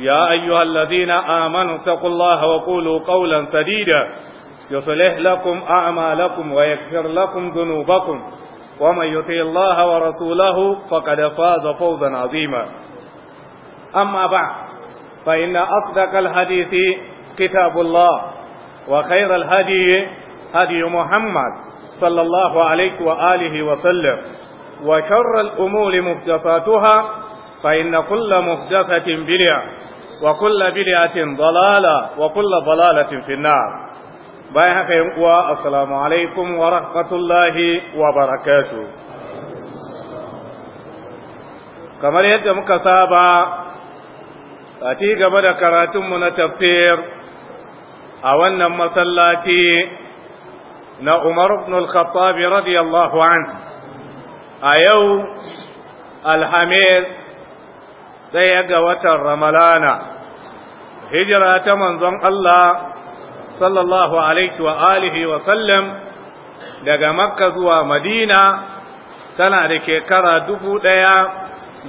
يا أيها الذين آمنوا اتقوا الله وقولوا قولا سديدا يصلح لكم أعمالكم ويكفر لكم ذنوبكم ومن يطيع الله ورسوله فقد فاز فوزا عظيما أما بعد فإن أصدق الحديث كتاب الله وخير الهدي هدي محمد صلى الله عليه وآله وسلم وشر الأمور محدثاتها فإن كل مهدفة بلع وكل بلعة ضلالة وكل ضلالة في النار باي حقيقة مقوى السلام عليكم ورحمة الله وبركاته كما يد مكتابة أتيك بدا كراتم من تفسير أولنا مسلاتي نا عمر بن الخطاب رضي الله عنه أيو الحميد ɗaya ga watan ramalana hijira ta manzon Allah sallallahu alaihi wa alihi wa sallam daga makka zuwa madina tana da shekara dubu ɗaya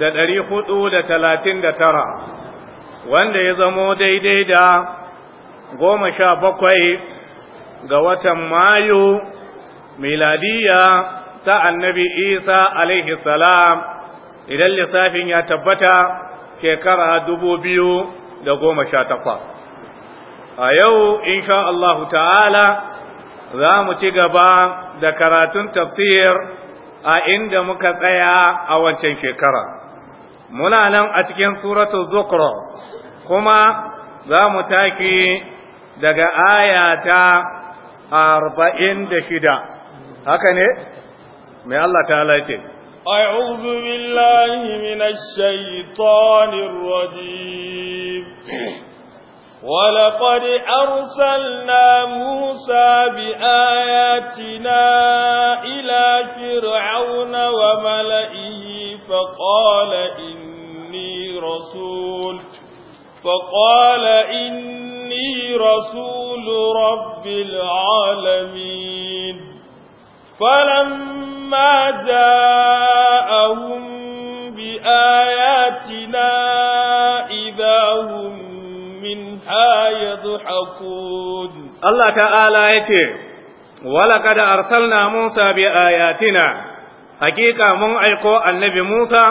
da dari hudu da talatin da tara wanda ya zamo daidai da goma sha bakwai ga watan mayu miladiya ta annabi isa alaihi salam idan lissafin ya tabbata shekara dubu biyu da goma sha takwa. a yau insha Allah ta'ala za mu ci gaba da karatun tafiyar a inda muka tsaya a wancan shekara muna nan a cikin suratu zukro kuma za mu taki daga ayata arba'in da shida haka ne mai Allah ta ce أعوذ بالله من الشيطان الرجيم ولقد أرسلنا موسى بآياتنا إلى فرعون وملئه فقال إني رسول فقال إني رسول رب العالمين فلما جاءهم بآياتنا إذا هم منها يضحكون الله تعالى يتي ولقد أرسلنا موسى بآياتنا حقيقة من أيقو النبي موسى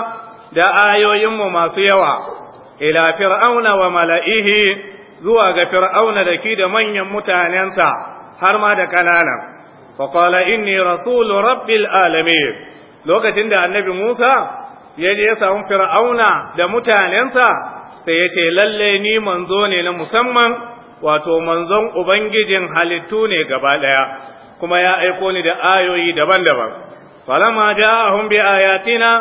دا آيوين ما سيوا إلى فرعون وملئه zuwa ga fir'auna da shi da manyan mutanensa har ma da faƙala inni rasulu rabbil alamin lokacin da annabi musa ya je ya samu fir'auna da mutanensa sai ya ce lalle ni manzo ne na musamman wato manzon ubangijin halittu ne gaba ɗaya kuma ya aiko ni da ayoyi daban-daban falama ja'ahum bi ayatina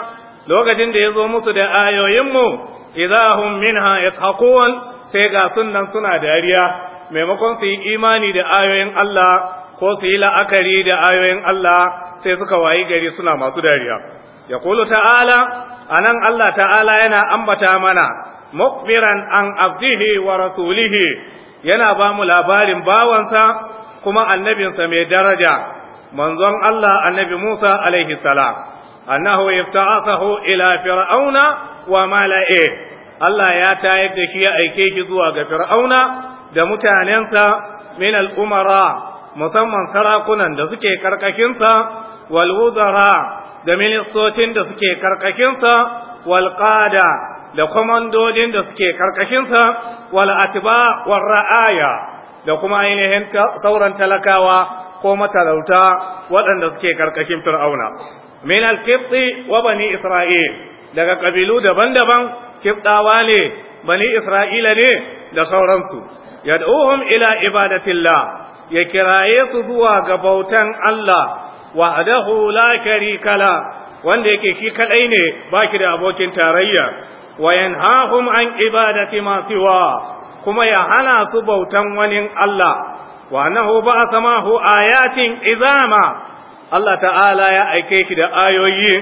lokacin da ya zo musu da ayoyinmu idahum minha yathaqun sai ga sunan suna dariya maimakon su yi imani da ayoyin Allah ko su yi la'akari da ayoyin Allah sai suka wayi gari suna masu dariya ya kulu ta'ala anan Allah ta'ala yana ambata mana mukbiran an abdihi wa rasulihi yana ba mu labarin bawansa kuma annabinsa mai daraja manzon Allah annabi Musa alaihi salam annahu yafta'asahu ila fir'auna wa mala'i. Allah ya tayar da shi ya aike shi zuwa ga Fir'auna da mutanensa min umara musamman sarakunan da suke karkashinsa wal wuzara da ministocin da suke karkashinsa wal da kwamandodin da suke karkashinsa wal atba ra'aya da kuma ainihin sauran talakawa ko matalauta waɗanda suke karkashin fir'auna min al wa bani isra'il daga kabilu daban-daban kibtawa ne bani isra'ila ne da sauransu yad'uhum ila ibadatillah ya kiraye su zuwa ga bautan Allah adahu la sharika wanda yake shi kadai ne baki da abokin tarayya wa yanhahum an ibadati ma siwa kuma ya hana su bautan wani Allah wa annahu a ayatin izama Allah ta'ala ya aike shi da ayoyi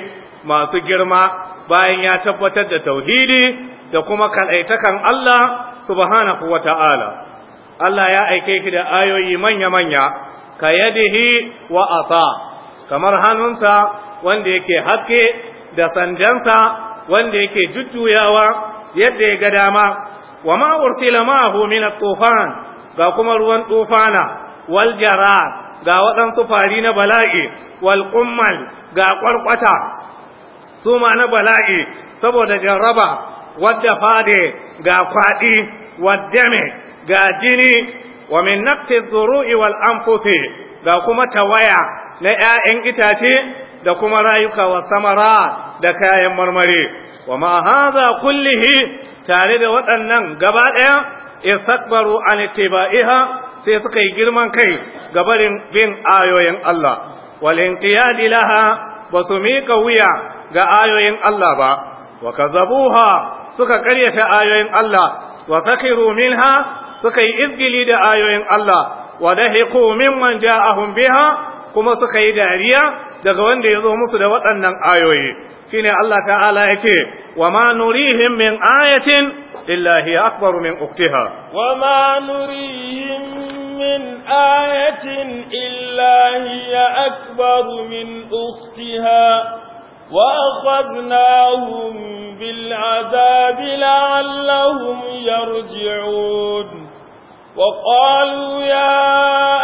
masu girma bayan ya tabbatar da tauhidi da kuma kaɗaitakan Allah subhanahu wa ta'ala Allah ya aike shi da ayoyi manya-manya ka yadihi wa ata kamar hannunsa wanda yake haske da sandansa wanda yake jujjuyawa yadda ya ga dama wa ma ursila ma'ahu min tufan ga kuma ruwan tufana wal jara ga waɗansu fari na bala'i wal qummal ga ƙwarƙwata su ma na bala'i saboda jarraba wadda fade ga kwaɗi wadda ga jini wa min naqti dhuru'i wal anfusi ga kuma tawaya na 'ya'yan itace da kuma rayuka wa samara da kayan marmari wa ma hadha kullihi tare da waɗannan gaba ɗaya istakbaru an ittiba'iha sai suka yi girman kai ga barin bin ayoyin Allah wal inqiyadi laha ba su miƙa wuya ga ayoyin Allah ba wa kazabuha suka karyata ayoyin Allah wa sakiru minha suka yi izgili da ayoyin Allah wa dahiqu mimman a biha kuma suka yi dariya daga wanda ya zo musu da waɗannan ayoyi shine Allah ta'ala ce, wa ma nurihim min ayatin illa hiya akbar min uktiha wa ma nurihim من آية إلا هي أكبر من أختها وأخذناهم بالعذاب لعلهم يرجعون وقالوا يا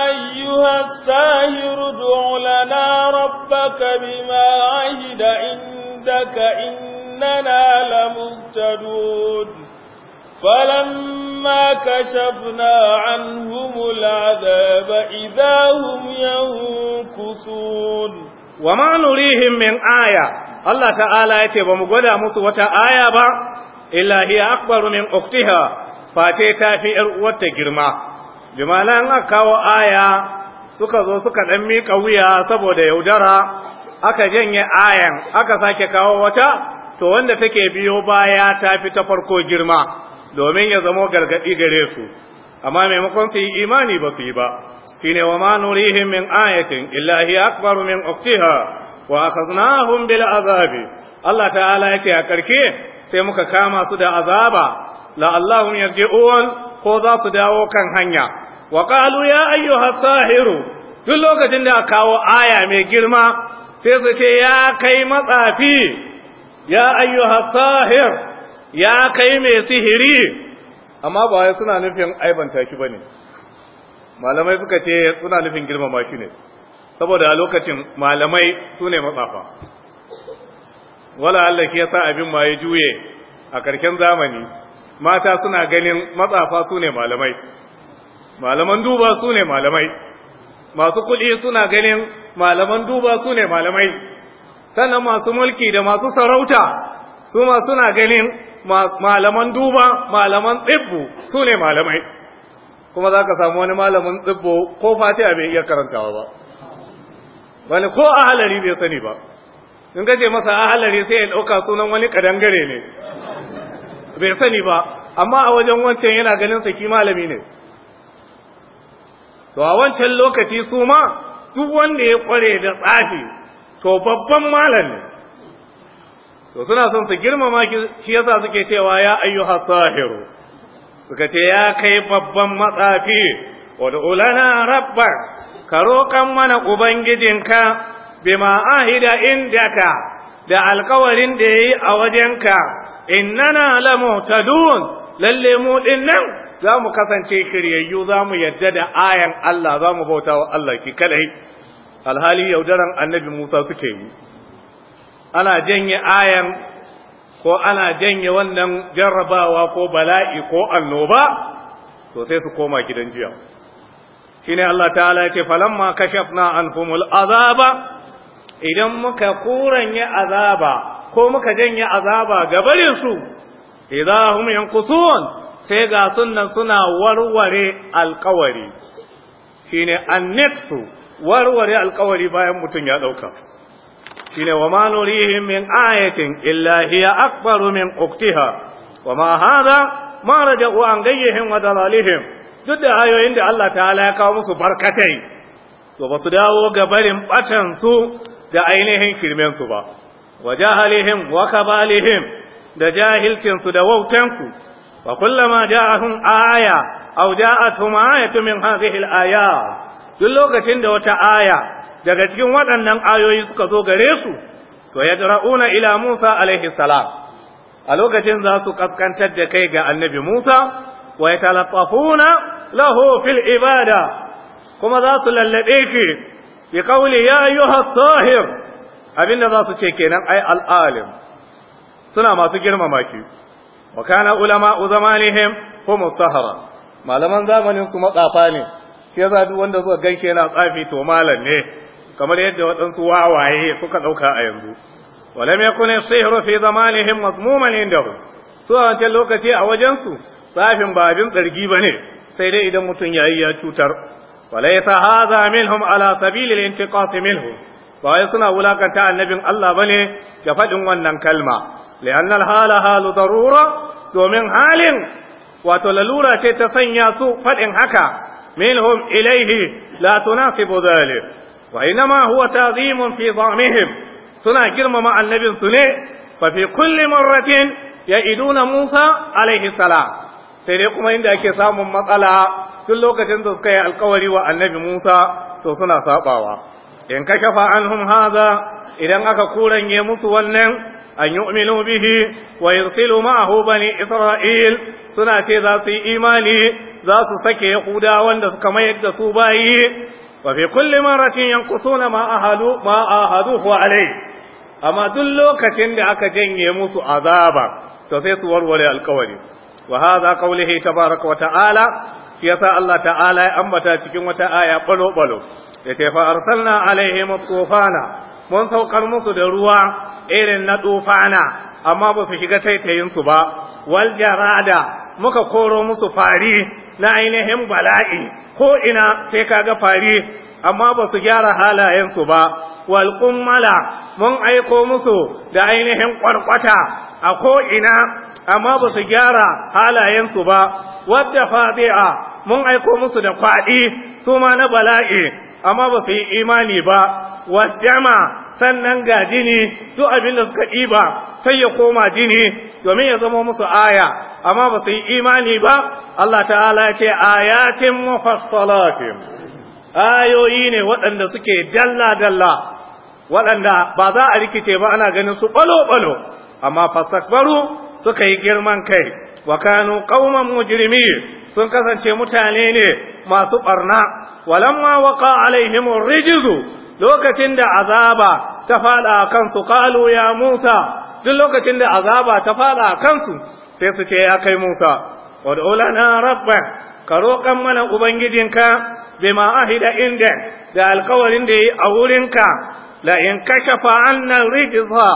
أيها الساهر ادع لنا ربك بما عهد عندك إننا لمهتدون فلما كشفنا عنهم العذاب إذا هم ينكثون وما نريهم من آية الله تعالى يتبع مقدام وتا آية با إلا هي أكبر من أختها face ta fi ‘yar uwarta girma, jimala na aka kawo aya suka zo suka ɗan miƙa wuya saboda yaudara, aka janye ayan aka sake kawo wata, to wanda take biyo baya ta fi ta farko girma, domin ya zamo gargaɗi gare su, amma maimakon su yi imani ba su yi ba, shi ne wa ma min ayatin illahi akbar min uktiha wa akhadnahum bil azabi Allah ta'ala ce a karshe sai muka kama su da azaba yarje uwan ko za su dawo kan hanya wa qalu ya ayyuha sahiru duk lokacin da kawo aya mai girma sai su ce ya kai matsafi ya ayyuha sahir ya kai mai sihiri amma ba wai suna nufin aibanta shi bane malamai suka ce suna nufin girmama shi ne saboda a lokacin malamai su ne matsafa wala Allah shi sa abin ma ya juye a ƙarshen zamani mata suna ganin matsafa su ne malamai malaman duba su ne malamai masu kuɗi suna ganin malaman duba su ne malamai sannan masu mulki da masu sarauta su ma suna ganin malaman duba malaman tsibbu su ne malamai kuma za ka samu wani malamin tsibbo ko a bai iya karantawa ba wani ko ahalari bai sani ba in gaje masa ahalari sai ya ɗauka sunan wani ƙadangare ne bai sani ba amma a wajen wancan yana ganin saki malami ne to a wancan lokaci su ma duk wanda ya kware da tsafi to babban malami to suna son su girmama shi yasa suke cewa ya ayyuha sahiru suka ce ya kai babban matsafi wadda ulana rabbar ka roƙan mana ubangijinka bima ahida indaka da alkawarin da yayi a wajenka innana lamuhtadun lalle mu dinnan za mu kasance shiryayyu za mu yadda da ayan Allah za mu bauta wa Allah ki kadai alhali yaudaran annabi Musa suke yi ana janye ayan ko ana janye wannan jarrabawa ko bala'i ko annoba to sai su koma gidan jiya shine Allah ta'ala ya ce falamma kashafna anhumul azaba idan muka ya azaba ko muka janye azaba ga barin su idahum yanqusun sai ga sunnan suna warware alkawari shine annatsu warware alkawari bayan mutum ya dauka shine wa nurihim min ayatin illa hiya akbaru min uktiha wa hada ma raja'u an gayyihim wa dalalihim duk da ayoyin da Allah ta'ala ya kawo musu barkatai to ba su dawo ga barin batan da ainihin kirmensu ba wa jahalihim wa kabalihim da jahilcinsu da wautanku fa kullama ja'ahum aya aw ja'atuhum ayatu min hadhihi al-ayat duk lokacin da wata aya daga cikin waɗannan ayoyi suka zo gare su to yadra'una ila Musa alaihi salam a lokacin za su kaskantar da kai ga annabi Musa wa yatalaffafuna lahu fil ibada kuma za su lallabe shi. bi qawli ya ayyuha sahir abinda za su ce kenan ai al-alim suna masu girmama ki wa kana ulama zamanihim hum sahara malaman zamanin su matsafa ne shi yasa duk wanda zuwa gaishe yana tsafi to malam ne kamar yadda waɗansu wawaye suka ɗauka a yanzu ولم يكن السحر في زمانهم مضموما عندهم su a wancan lokaci a wajen su? ba babin tsargi bane, sai dai idan mutum ya yi ya cutar walaysa hadha minhum ala sabil al-intiqas minhu ba suna wulakanta annabin Allah bane ga faɗin wannan kalma li'anna al-hala halu darura domin halin wato lalura ce ta sanya su faɗin haka minhum ilayhi la tunasibu dhalik wa inma huwa ta'zimun fi dhamihim suna girmama annabin su ne fa fi kulli ya iduna Musa alaihi salam sai dai kuma inda ake samun matsala tun lokacin da suka yi alkawari wa annabi Musa to suna sabawa in ka kafa anhum haza idan aka kuranye musu wannan an yu'minu bihi wa yursilu ma'ahu bani Isra'il suna ce za su yi imani za su sake Yahuda wanda suka mayar da su bayi wa fi kulli maratin yanqusuna ma ahadu ma ahaduhu alai. amma duk lokacin da aka janye musu azaba to sai su warware alkawari wa hadha qawlihi tabaaraka wa ta'ala shi yasa Allah ta'ala ya ambata cikin wata aya balo balo da ta fa arsalna alaihim tufana mun saukar musu da ruwa irin na tufana amma ba su shiga taitayin su ba wal jarada muka koro musu fari na ainihin bala'i ko ina sai kaga fari amma ba su gyara halayensu ba wal kummala mun aiko musu da ainihin kwarkwata a ko ina amma ba su gyara halayensu ba wadda fadi'a mun aiko musu da kwaɗi su ma na bala'i amma ba su yi imani ba wasjama sannan ga jini duk abin da suka ɗiba sai ya koma jini domin ya zama musu aya amma ba su yi imani ba Allah ta'ala ce ayatin mufassalatin ayoyi ne waɗanda suke dalla-dalla waɗanda ba za a rikice ba ana ganin su ɓalo-ɓalo amma fasakbaru suka yi girman kai wa kanu qauman mujrimin sun kasance mutane ne masu barna walamma waqa alaihim rijizu lokacin da azaba ta fada kansu Kalu ya Musa duk lokacin da azaba ta fada kansu sai su ce ya kai Musa wad'u na rabba ka roƙan mana ubangijinka bima ahida inda da alƙawarin da yi a wurinka la in kashafa anna rijza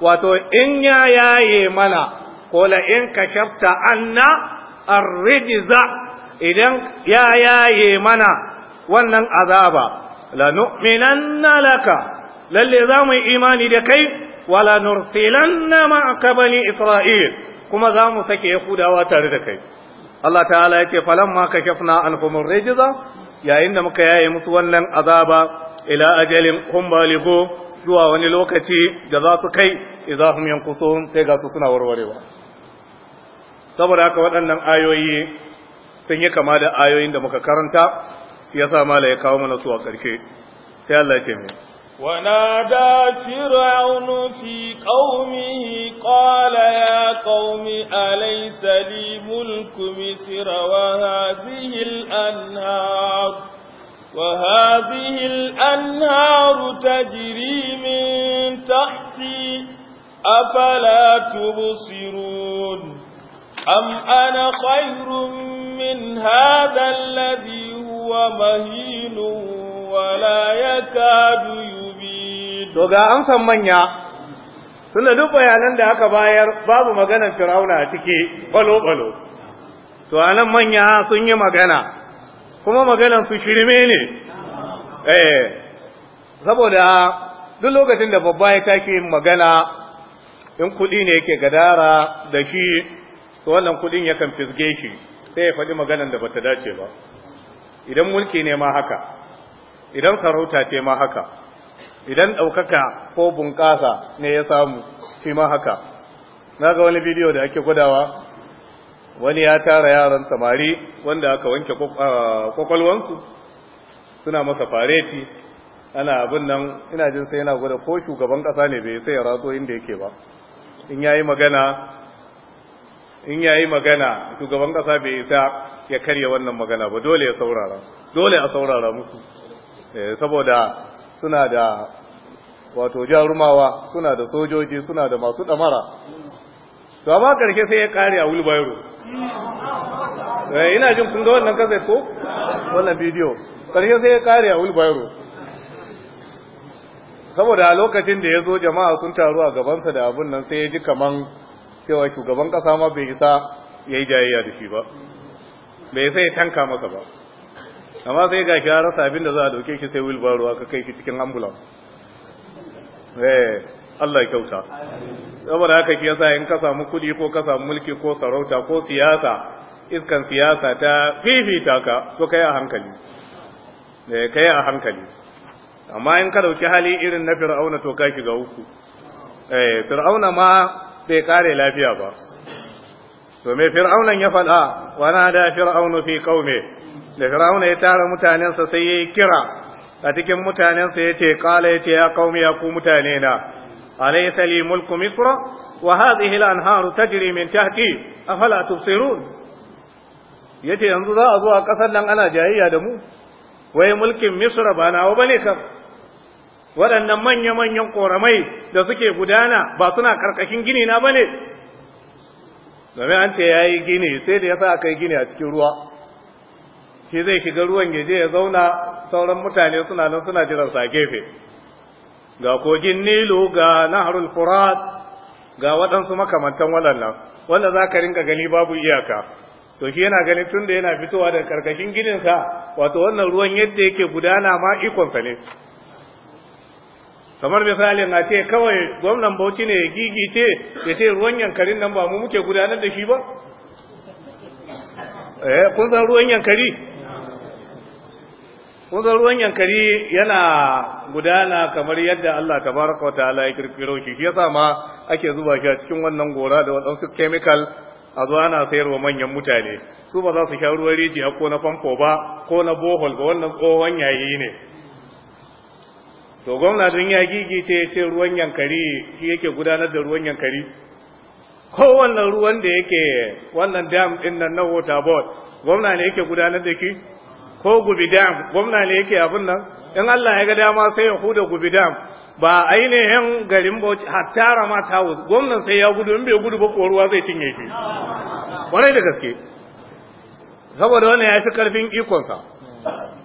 wato in ya yaye mana ko la in kashafta anna arrijiza idan ya yaye mana wannan azaba nu'minanna laka lalle za mu yi imani da kai wala nursilanna ma'aka bani isra'il kuma za mu sake yahudawa tare da kai Allah ta'ala ya ce ka kafna an ar-rijza yayin da muka yaye musu wannan azaba ila ajalin hum balighu zuwa wani lokaci da za su kai idan hum yankusun sai ga su suna warwarewa saboda haka waɗannan ayoyi sun yi kama da ayoyin da muka karanta ya sa mala ya kawo mana su a ƙarshe sai Allah ke taimake wana da fir'aun fi qaumihi qala ya qaumi a laisali mulku misira, wa hazihi anhar wa hazihi al-anhar tajri min أم أنا خير من هذا الذي هو مهين ولا يكاد يبين to ga an san manya tunda duk bayanan da aka bayar babu maganar Firauna a cike balo balo to anan manya sun yi magana kuma maganar su shirme ne eh saboda duk lokacin da babba ya take magana in kudi ne yake gadara da shi to wannan kudin yakan fisge shi sai ya faɗi maganan da bata dace ba idan mulki ne ma haka idan sarauta ce ma haka idan ɗaukaka ko bunƙasa ne ya samu shi ma haka na ga wani bidiyo da ake gudawa wani ya tara yaran samari wanda aka wanke kwakwalwansu ah, suna masa fareti ana abin nan ina jin sai yana gwada ko shugaban ƙasa ne bai sai ya ratso inda yake ba in yayi magana in ya yi magana shugaban kasa bai isa ya karya wannan magana ba dole ya saurara dole a saurara musu eh, saboda suna da wato jarumawa suna da sojoji suna da masu damara to amma karshe sai ya kare a wulbayro eh, ina jin kun ga wannan kasa ko wannan bidiyo karshe sai ya kare a wulbayro saboda a lokacin da ya zo jama'a sun taru a gabansa da abin nan sai ya ji kaman cewa shugaban kasa ma bai isa ya yi jayayya da shi ba bai sai ya tanka masa ba amma sai ga ya rasa abin da za a dauke shi sai wilbaro aka kai shi cikin ambulan eh Allah ya kyauta saboda haka ki yasa in ka samu kudi ko ka samu mulki ko sarauta ko siyasa iskan siyasa ta fifita ka so kai a hankali eh kai a hankali amma in ka dauki hali irin na fir'auna to ka shiga uku eh fir'auna ma bai kare lafiya ba to me fir'aunan ya faɗa wana da fir'aunu fi da fir'auna ya tara mutanensa sai yayi kira a cikin mutanensa yace qala yace ya qaumi ya ku mutane na alaysa li mulku misra wa hadhihi al-anharu tajri min tahti afala tubsirun yace yanzu za a zo a kasar nan ana jayayya da mu wai mulkin misra ba nawa bane kam waɗannan manya-manyan ƙoramai da suke gudana ba suna ƙarƙashin gini na ba ne domin an ce ya yi gini sai da ya sa aka yi gini a cikin ruwa shi zai shiga ruwan ya ya zauna sauran mutane suna nan suna jiran sa gefe ga kogin nilu ga naharul furat ga waɗansu makamantan waɗannan wanda za ka rinka gani babu iyaka to shi yana ganin tun da yana fitowa da ƙarƙashin gininsa wato wannan ruwan yadda yake gudana ma ikonsa ne kamar misalin a ce kawai gwamnan bauchi ne ya gigice ya ce ruwan yankarin nan ba mu muke gudanar da shi ba eh kun san ruwan yankari kun san ruwan yankari yana gudana kamar yadda Allah tabaraka wataala ya kirkiro shi shi yasa ma ake zuba shi a cikin wannan gora da wadansu chemical a zo ana wa manyan mutane su ba za su sha ruwan rijiya ko na famfo ba ko na bohol ba wannan tsohon yayi ne to gwamnatin ya ce ya ce ruwan yankari shi yake gudanar da ruwan yankari kowannan ruwan da yake wannan dam din nan na water board gwamna ne yake gudanar da ki ko gubi dam gwamna ne yake abin nan in Allah ya ga dama sai ya huda gubi dam ba ainihin garin Bauchi hatta Rama Tawus gwamnan sai ya gudu in bai gudu ba ko ruwa zai cinye ki kwarai da gaske saboda wannan ya fi karfin ikonsa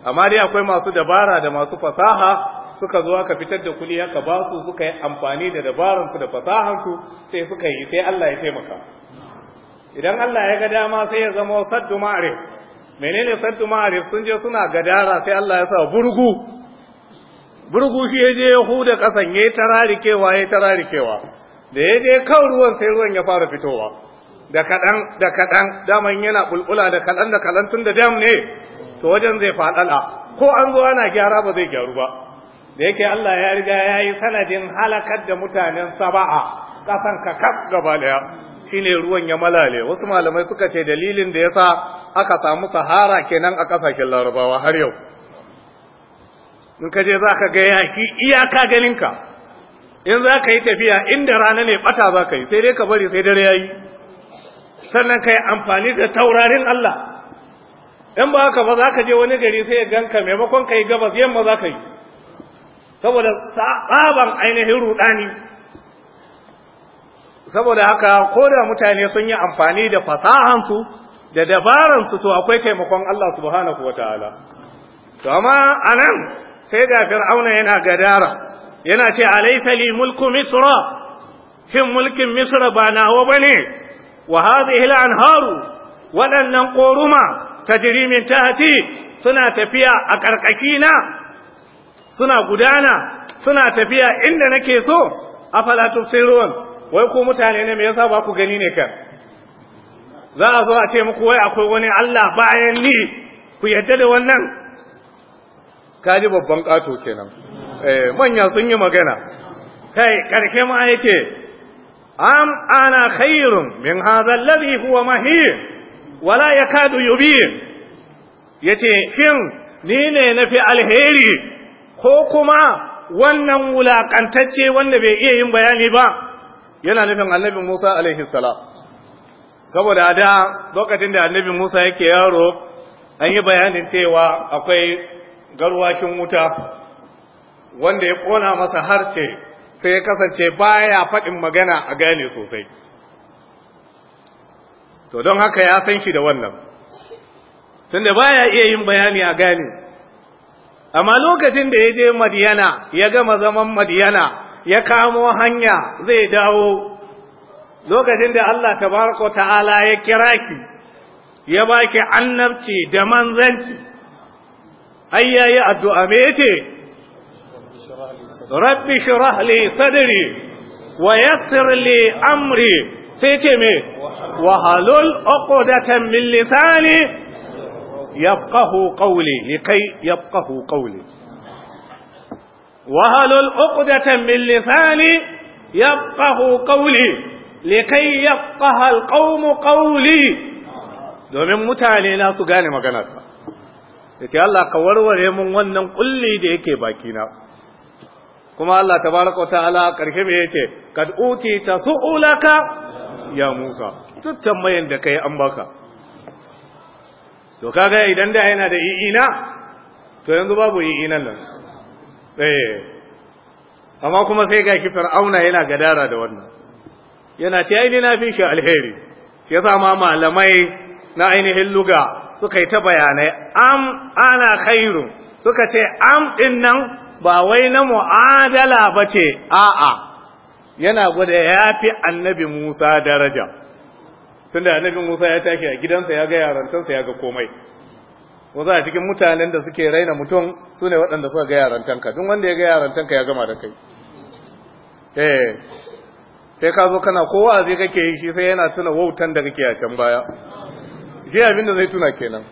amma dai akwai masu dabara da masu fasaha suka zo ka fitar da kuɗi haka ba su suka yi amfani da dabaransu da fasahansu sai suka yi sai Allah ya taimaka idan Allah ya ga dama sai ya zama saddu ma'arif menene saddu ma'arif sun je suna gadara sai Allah ya sa burgu burgu shi ya je ya huda kasan ya yi tararikewa ya yi tararikewa da ya je kan ruwan sai ruwan ya fara fitowa da kaɗan da kaɗan daman yana bulbula da kaɗan da kaɗan tun da dam ne to wajen zai faɗaɗa ko an zo ana gyara ba zai gyaru ba da yake Allah ya riga ya yi sanadin halakar da mutanen saba'a kasan kakaf gaba daya shine ruwan ya malale wasu malamai suka ce dalilin da yasa aka samu sahara kenan a kasashen larabawa har yau in ka je za ka ga yaki iyaka ganinka in za ka yi tafiya inda rana ne bata za ka yi sai dai ka bari sai dare ya yi sannan ka yi amfani da taurarin Allah in ba haka ba za ka je wani gari sai ya ganka maimakon ka yi gabas yamma za ka yi saboda tsaban ainihin rudani saboda haka ko da mutane sun yi amfani da fasahansu da dabaransu to akwai taimakon Allah subhanahu wata'ala ta'ala to amma anan sai ga fir'auna yana gadara yana ce alaysa li mulku misra shin mulkin misra ba nawa bane wa hadhihi al-anharu waɗannan koruma tajri min tahti suna tafiya a karkakina suna gudana suna tafiya inda nake so a falatun tufsirun wai ku mutane ne me yasa ba ku gani ne kan za a zo a ce muku wai akwai wani Allah bayan ni ku yadda da wannan kaji babban kato kenan eh manya sun yi magana kai karke ma yace am ana khairun min hadha alladhi huwa mahi? wala yakadu yubin yace kin ni ne nafi alheri ko kuma wannan wulakantacce wanda bai iya yin bayani ba yana nufin annabi Musa alaihi saboda saboda da lokacin da annabi Musa yake yaro an yi bayanin cewa akwai garwashin wuta wanda ya kona masa harce sai ya kasance baya faɗin magana a gane sosai to don haka ya san shi da wannan tunda baya iya yin bayani a gane amma lokacin da ya je madiyana ya gama zaman madiyana ya kamo hanya zai dawo lokacin da Allah tabaraka ta'ala ya kira ki ya baki annabci da manzanci ai yayi addu'a me yace rabbi shrah li sadri wa yassir li amri sai ce me wahalul uqdatan min lisani يفقه قولي لكي يفقه قولي وهل عقدة من لساني يفقه قولي لكي يفقه القوم قولي domin mutane na su gane maganarsa yace Allah ka warware mun wannan kulli da yake bakina kuma Allah tabaraka wataala karshe me yace kad uti tasulaka ya Musa tuttan mayan da kai an baka to kaga idan da yana da i'ina to yanzu babu i'ina nan eh amma kuma sai ga shi fir'auna yana gadara da wannan yana ce ai na fi shi alheri shi yasa ma malamai na ainihin luga suka yi ta bayanai am ana khairu suka ce am din nan ba wai na mu'adala ba ce. a'a yana gwada yafi annabi Musa daraja sun da annabin musa ya tashi a gidansa ya ga yarantansa ya ga komai wasu a cikin mutanen da suke raina mutum su ne waɗanda suka ga yarantanka duk wanda ya ga yarantanka ya gama da kai eh sai ka zo kana kowa zai kake yi shi sai yana tuna wautan da kake a can baya shi abin da zai tuna kenan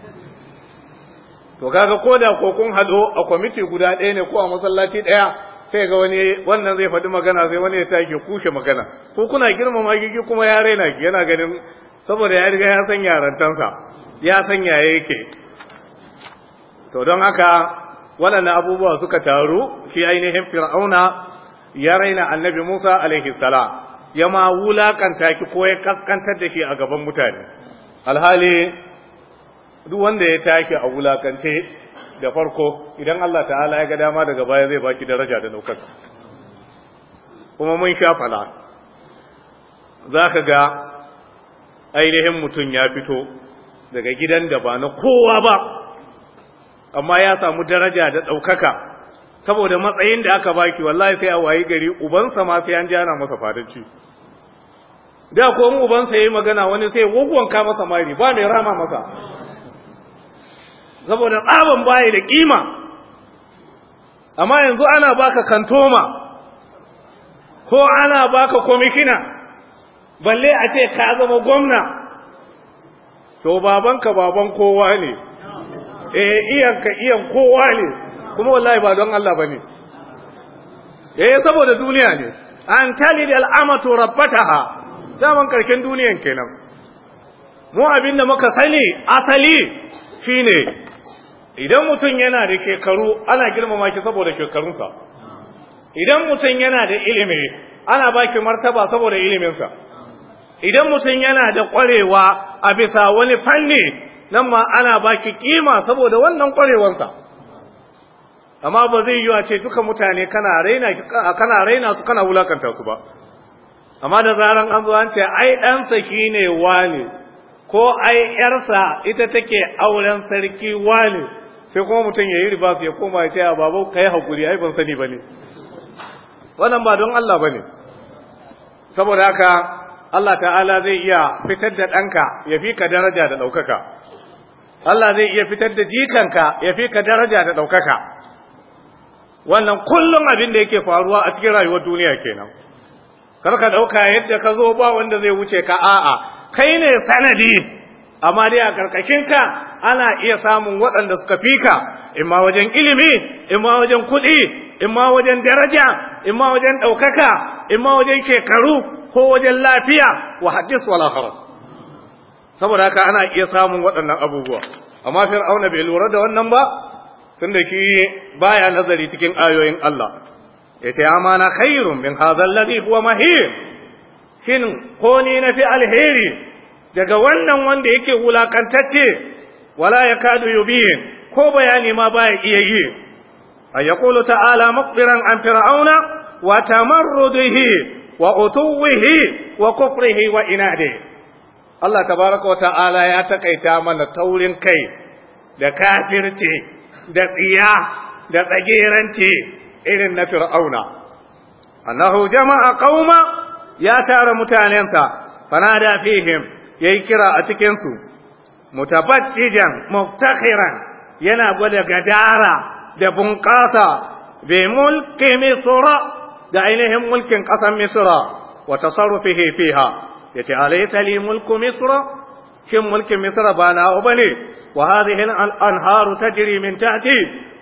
to kaga ko da ko kun hado a kwamiti guda ɗaya ne ko a masallaci ɗaya sai ga wani wannan zai faɗi magana sai wani ya take kushe magana ko kuna girmama gigi kuma ya raina yana ganin saboda ya riga ya san yarantansa ya san yaya yake to don haka waɗannan abubuwa suka taru shi ainihin fir'auna ya raina annabi musa alaihi salam ya ma wulakanta ki ko ya kaskantar da shi a gaban mutane alhali duk wanda ya tashi a wulakance da farko idan allah ta'ala ya ga dama daga baya zai baki daraja da naukar kuma mun sha fala za ka ga ainihin mutum ya fito daga gidan da ba na kowa ba amma ya samu daraja da ɗaukaka saboda matsayin da aka baki wallahi sai a wayi gari ubansa ma sai an jana masa fadarci da ko mu ubansa yayi magana wani sai ka masa mari ba mai rama masa saboda tsaban baya da kima amma yanzu ana baka kantoma ko ana baka komishina balle a ce ka zama gwamna to babanka baban kowa ne eh iyanka iyan kowa ne kuma wallahi ba don Allah bane eh saboda duniya ne an talid al'amatu rabbataha zaman karshen duniyan kenan mu abinda muka sani asali shine idan mutum yana da shekaru ana girmama shi saboda shekarunsa idan mutum yana da ilimi ana baki martaba saboda iliminsa idan mutum yana da ƙwarewa a bisa wani fanni nan ma ana ba ki kima saboda wannan ƙwarewansa amma ba zai yi a ce duka mutane kana raina su kana wulakanta su ba amma da zaran an zuwa ce ai ɗansa shi ne ne? ko ai ‘yarsa ita take auren sarki ne? sai kuma mutum ya yi riba su ya koma ya ce a babu ka yi haƙuri ai ban sani ba ne wannan ba don Allah ba ne saboda haka Allah ta'ala zai iya fitar da ɗanka ya fi ka daraja da ɗaukaka Allah zai iya fitar da jikanka ya fi ka daraja da ɗaukaka wannan kullum abin da yake faruwa a cikin rayuwar duniya kenan kar ka ɗauka yadda ka zo ba wanda zai wuce ka a'a kai ne sanadi amma dai a ka ana iya samun waɗanda suka fi ka in ma wajen ilimi in ma wajen kuɗi in ma wajen daraja in ma wajen ɗaukaka in ma wajen shekaru ko wajen lafiya wa hadis wala haram saboda haka ana iya samun waɗannan abubuwa amma fir'auna bai lura da wannan ba tunda ki baya nazari cikin ayoyin Allah yace amana khairun min hadha alladhi huwa mahim shin ko ni na fi alheri daga wannan wanda yake wulakantacce wala yakadu yubiyin ko bayani ma baya iya yi ay yaqulu ta'ala wata an fir'auna wa tamarrudihi wa utuwihi wa kufrihi wa inade Allah tabaraka wa ta'ala ya takaita mana taurin kai da kafirci da tsiya da tsageranci irin na fir'auna annahu jama'a qauma ya tara mutanensa fanada fihim yayi kira a cikin su mutabattijan muftakhiran yana gwada gadara da bunƙasa bi mulki misra da ainihin mulkin ƙasar misra wa tasarrufihi fiha yace alaysa li mulku misra shin mulkin misra ba na ba ne wa hadhihi al-anharu tajri min tahti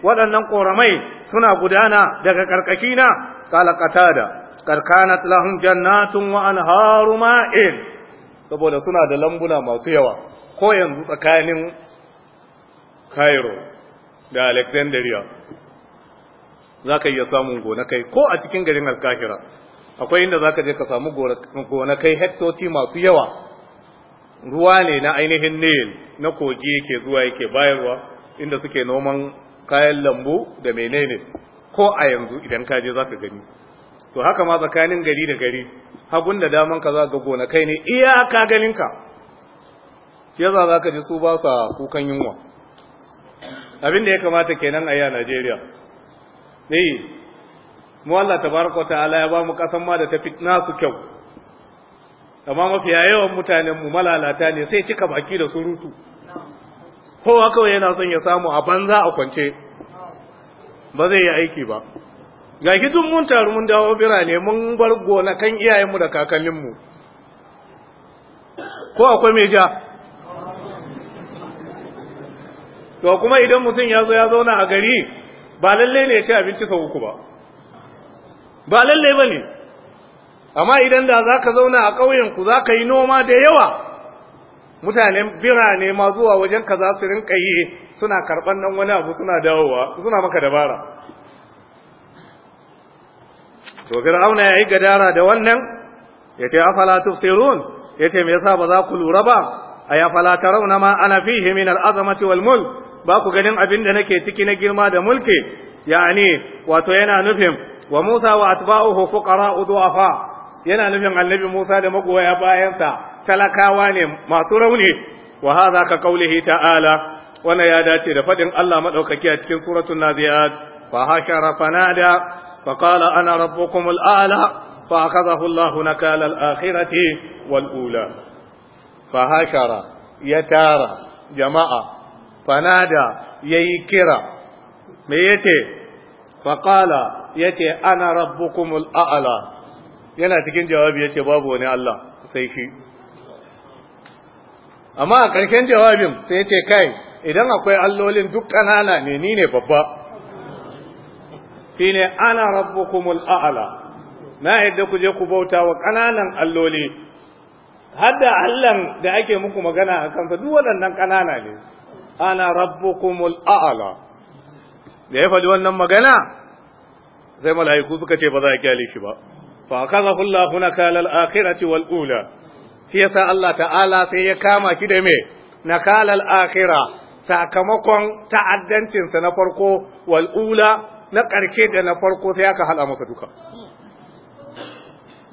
wadannan ƙoramai suna gudana daga karkashina qala qatada karkanat lahum jannatun wa anharu ma'in saboda suna da lambuna masu yawa ko yanzu tsakanin Cairo da Alexandria za ka iya samun gonakai ko a cikin garin alkahira akwai inda za ka je ka samu gonakai hektoti masu yawa ruwa ne na ainihin nil na kogi yake zuwa yake bayarwa inda suke noman kayan lambu da menene ko a yanzu idan ka je za ka gani to haka ma tsakanin gari da gari hagun da daman ka za ga gonakai ne iya ka ganinka yasa za ka ji su ba sa kukan yunwa abin da ya kamata kenan a yi a najeriya eh mu Allah tabaraka ta'ala ya ba mu kasan ma da tafi nasu kyau amma mafiya yawan mutanen mu malalata ne sai cika baki da surutu kowa kawai yana son ya samu a banza a kwance ba zai yi aiki ba ga duk mun taru mun dawo birane mun bar gona kan iyayenmu da kakanninmu ko akwai mai ja to kuma idan mutum ya zo ya zauna a gari ba lalle ne ya ci abinci sau uku ba ba lalle ba ne amma idan da za ka zauna a ƙauyenku za ka yi noma da yawa mutanen birane ma zuwa wajen ka za su rinka yi suna karɓar nan wani abu suna dawowa suna maka dabara to fir'auna ya yi gadara da wannan ya ce afala tufsirun ya ce me yasa ba za ku lura ba a ya fala tarawna ma ana fihi min al'azamati wal mulk ba ku ganin abin da nake ciki na girma da mulki yani wato yana nufin wa Musa wa atba'uhu fuqara'u du'afa yana nufin annabi Musa da magoya bayansa talakawa ne masu rauni wa hadha ka qawlihi ta'ala wannan ya dace da fadin Allah madaukaki a cikin suratul naziyat fa hashara fanada fa qala ana rabbukumul a'la fa akhadhahu Allahu nakala al-akhirati wal ula fa hashara ya tara jama'a fanada yayi kira me yace faqala yace ana rabbukumul a'la yana cikin jawabi yace babu wani Allah sai shi amma a ƙarshen jawabin sai yace kai idan akwai allolin duk ƙanana ne ni ne babba ne ana rabbukumul a'la na yadda ku je ku bauta wa ƙananan alloli hadda allahn allan da ake muku magana a kansa duk waɗannan ƙanana ne ana rabbukumul a'la da ya faɗi wannan magana sai mala'iku suka ce ba za a kyale shi ba fa akazahu Allahu nakala al-akhirati wal ula shi yasa Allah ta'ala sai ya kama ki da me na kalal akhirah sakamakon ta'addancin sa na farko wal ula na ƙarshe da na farko sai aka hala masa duka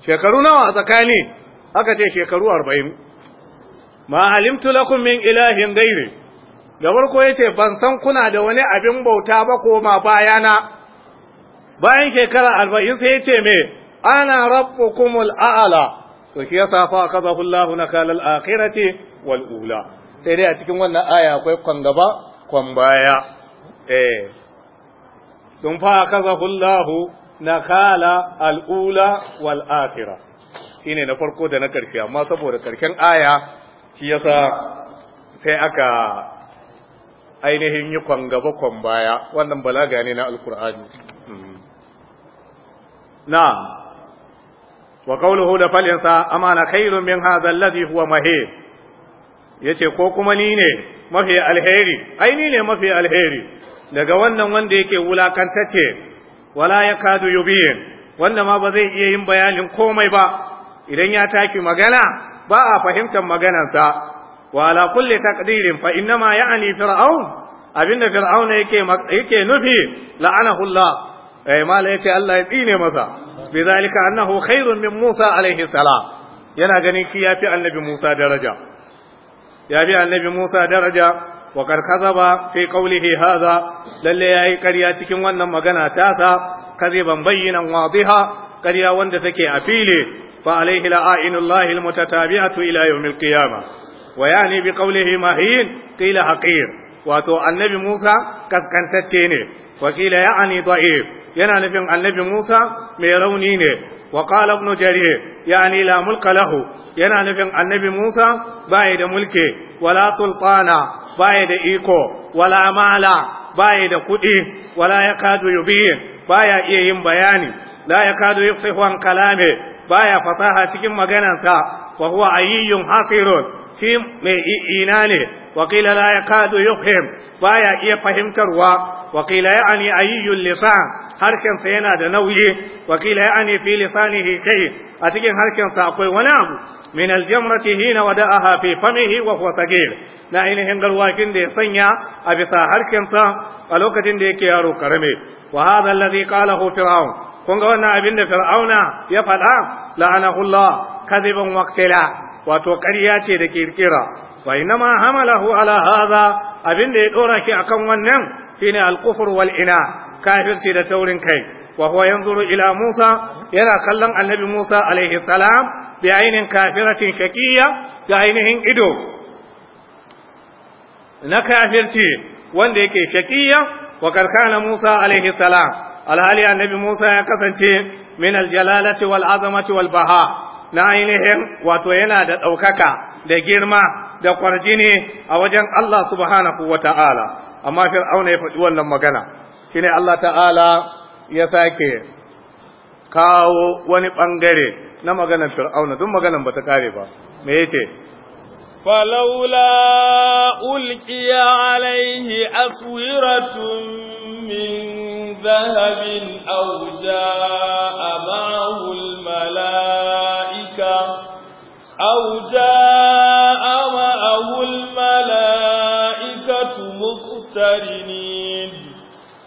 shekaru nawa a tsakani aka ce shekaru 40 ma alimtu lakum min ilahin ghairi da farko ya ce ban san kuna da wani abin bauta ba koma bayana bayan shekara arba'in sai ya ce me ana rabbukumul a'ala to shi yasa fa akazahu Allahu nakalal akhirati wal ula sai dai a cikin wannan aya akwai kwan gaba kwan baya eh don fa kaza Allahu nakala al ula wal akhirah shine na farko da na karshe amma saboda karshen aya shi yasa sai aka ainihin yi kwanga gaba kwan baya wannan balaga ne na alkur'ani hmm. Na wa kauluhu da falinsa amana khairun min hadha alladhi huwa Ya yace ko kuma ni ne mafi alheri ai ni ne mafi alheri daga wannan wanda yake wulakantace, wala yakadu yubiyin wanda ma ba zai iya yin bayanin komai ba idan ya taki magana ba a fahimtar maganarsa wa ala kulli taqdirin fa inna ma ya'ani fir'aun abinda fir'auna yake yake nufi la'anahu Allah eh mala yace Allah ya tsine masa bidhalika annahu khairun min Musa alaihi yana ganin shi yafi annabi Musa daraja yafi annabi Musa daraja wa kar kazaba fi qawlihi hadha lalle yayi karya cikin wannan magana ta sa ban bayyinan wadiha karya wanda take a fili fa alaihi la'ainullahi almutatabi'atu ila yawmil qiyamah wa yani bi qawlihi mahin qila haqir wato annabi Musa kaskantacce ne wa qila ya'ani da'if yana nufin annabi Musa mai rauni ne wa qala ibn jarir yani la mulka lahu yana nufin annabi Musa bai da mulki wala sultana bai da iko wala mala bai da kuɗi wala yakadu yubiyin baya iya yin bayani la yakadu yafsihu an kalame baya fasaha cikin maganarsa wa ayiyun ayyun hasirun shi mai ina ne wa qila la yakadu yuhim baya iya fahimtarwa wa qila ya'ani ayyul lisan harshen sa yana da nauyi wa qila ya'ani fi lisanihi shay a cikin harshen sa akwai wani abu min aljamrati hina wada'aha fi famihi wa huwa sagir na ainihin garwakin da ya sanya a bisa harshen sa a lokacin da yake yaro karame wa hadha alladhi qalahu fir'aun kun ga wannan abin da fir'auna ya faɗa la'anahullah kadhiban waqtila wato ƙarya ce da kirkira wa inma hamalahu ala hadha abin da ya dora ki akan wannan shine al-kufr wal ina kafirci da taurin kai wa huwa yanzuru ila Musa yana kallon annabi Musa alaihi salam bi ainin kafiratin shaqiyya da ainihin ido na kafirci wanda yake shakiyya wa karkana Musa alaihi salam alhali annabi Musa ya kasance min aljalalati wal azamati wal baha na ainihin wato yana da ɗaukaka da girma da kwarjini a wajen Allah subhanahu wa ta'ala amma fir'auna ya faɗi wannan magana shine Allah ta'ala ya sake kawo wani ɓangare na maganar fir'auna duk maganar ba ta kare ba me yake فلولا ألقي عليه aswiratun. ذهب أو جاء معه الملائكة أو جاء معه الملائكة مقترنين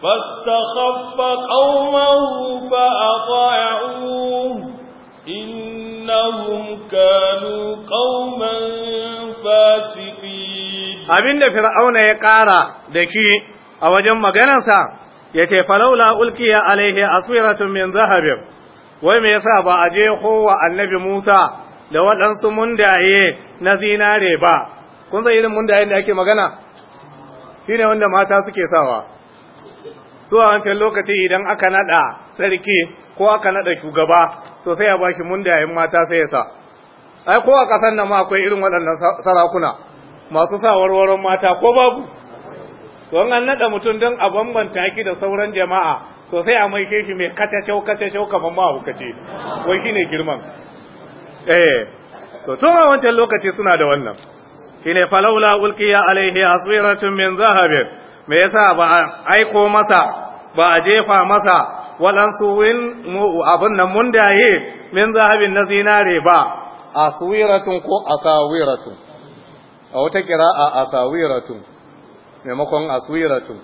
فاستخف قومه فأطاعوه إنهم كانوا قوما فاسقين abinda fir'auna ya ƙara da shi a wajen maganarsa yace falaula ulqiya alaihi aswiratun min zahabin wai me yasa ba a je kowa annabi Musa da waɗansu mundaye na zinare ba kun san irin mundayen da ake magana shine wanda mata suke sawa su a wancan lokaci idan aka naɗa sarki ko aka naɗa shugaba to sai ya bashi mundayen mata sai ya sa ai ko a kasan nan ma akwai irin waɗannan sarakuna masu sa warwaron mata ko babu to an naɗa mutum don a bambanta ki da sauran jama'a to sai a mai shi mai kata shau kamar ma hukace wai ne girman eh to tun a wancan lokaci suna da wannan Shi ne falaula Ulkiya alaihi aswiratun min zahabin me yasa ba a aiko masa ba a jefa masa waɗansu win abin nan yi min zahabin na zinare ba aswiratun ko asawiratun a wata kira a asawiratun maimakon aswiratun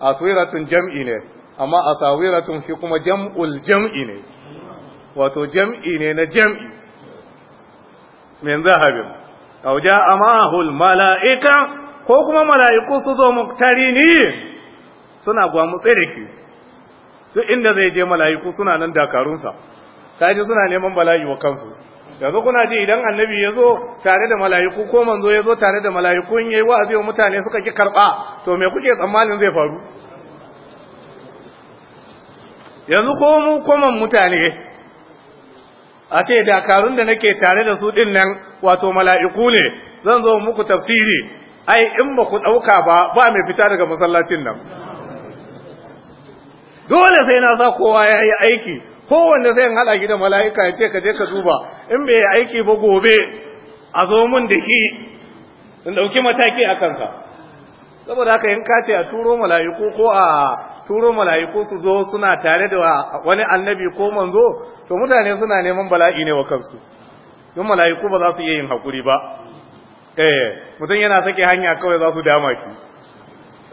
aswiratun jam'i ne amma asawiratun shi kuma jam'ul jam'i ne wato jam'i ne na jam'i min zahabin aw ja'a ma'ahul mala'ika ko kuma mala'iku su zo ni suna gwamutse da ke duk inda zai je mala'iku suna nan dakarunsa ji suna neman bala'i wa kansu yanzu kuna ji idan annabi ya zo tare da mala'iku ko manzo ya zo tare da mala'iku in yayi wa'azi wa mutane suka ki karɓa to me kuke tsammanin zai faru yanzu ko mu koman mutane a ce dakarun da nake tare da su ɗin nan wato mala'iku ne zan zo muku tafsiri ai in ba ku ɗauka ba ba mai fita daga masallacin nan dole sai na sa kowa ya yi aiki kowanne zai hada haɗa mala'ika ya ce ka je ka duba in bai yi aiki ba gobe a zo mun da ki in ɗauki mataki a kansa saboda haka in kace a turo mala'iku ko a turo mala'iku su zo suna tare da wani annabi ko manzo to mutane suna neman bala'i ne wa kansu don mala'iku ba za su iya yin hakuri ba eh mutum yana sake hanya kawai za su dama ki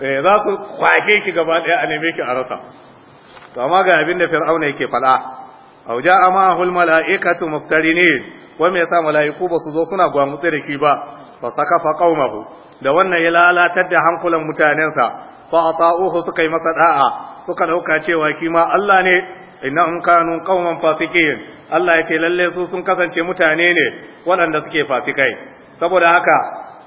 eh za su kwake ki gaba ɗaya a neme ki a rasa to amma ga abin da fir'auna yake faɗa aw ja'a ma'ahul mala'ikatu muftarinin wa me yasa mala'iku ba su zo suna gwamutse da shi ba fa fa qaumahu da wannan ya lalatar da hankulan mutanensa fa ata'uhu suka yi masa da'a suka dauka cewa kima Allah ne innahum kanu qauman fasikin, Allah ya ce lalle su sun kasance mutane ne waɗanda suke fasikai saboda haka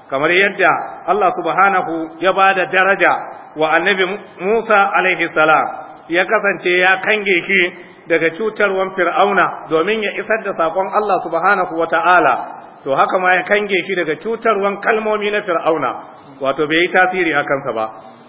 kamar yadda Allah subhanahu ya ba da daraja wa annabi Musa alaihi salam ya kasance ya kange shi daga cutarwan fir'auna domin ya isar da sakon Allah subhanahu wata'ala to haka ma ya kange shi daga cutarwan kalmomi na fir'auna wato bai yi tasiri a kansa ba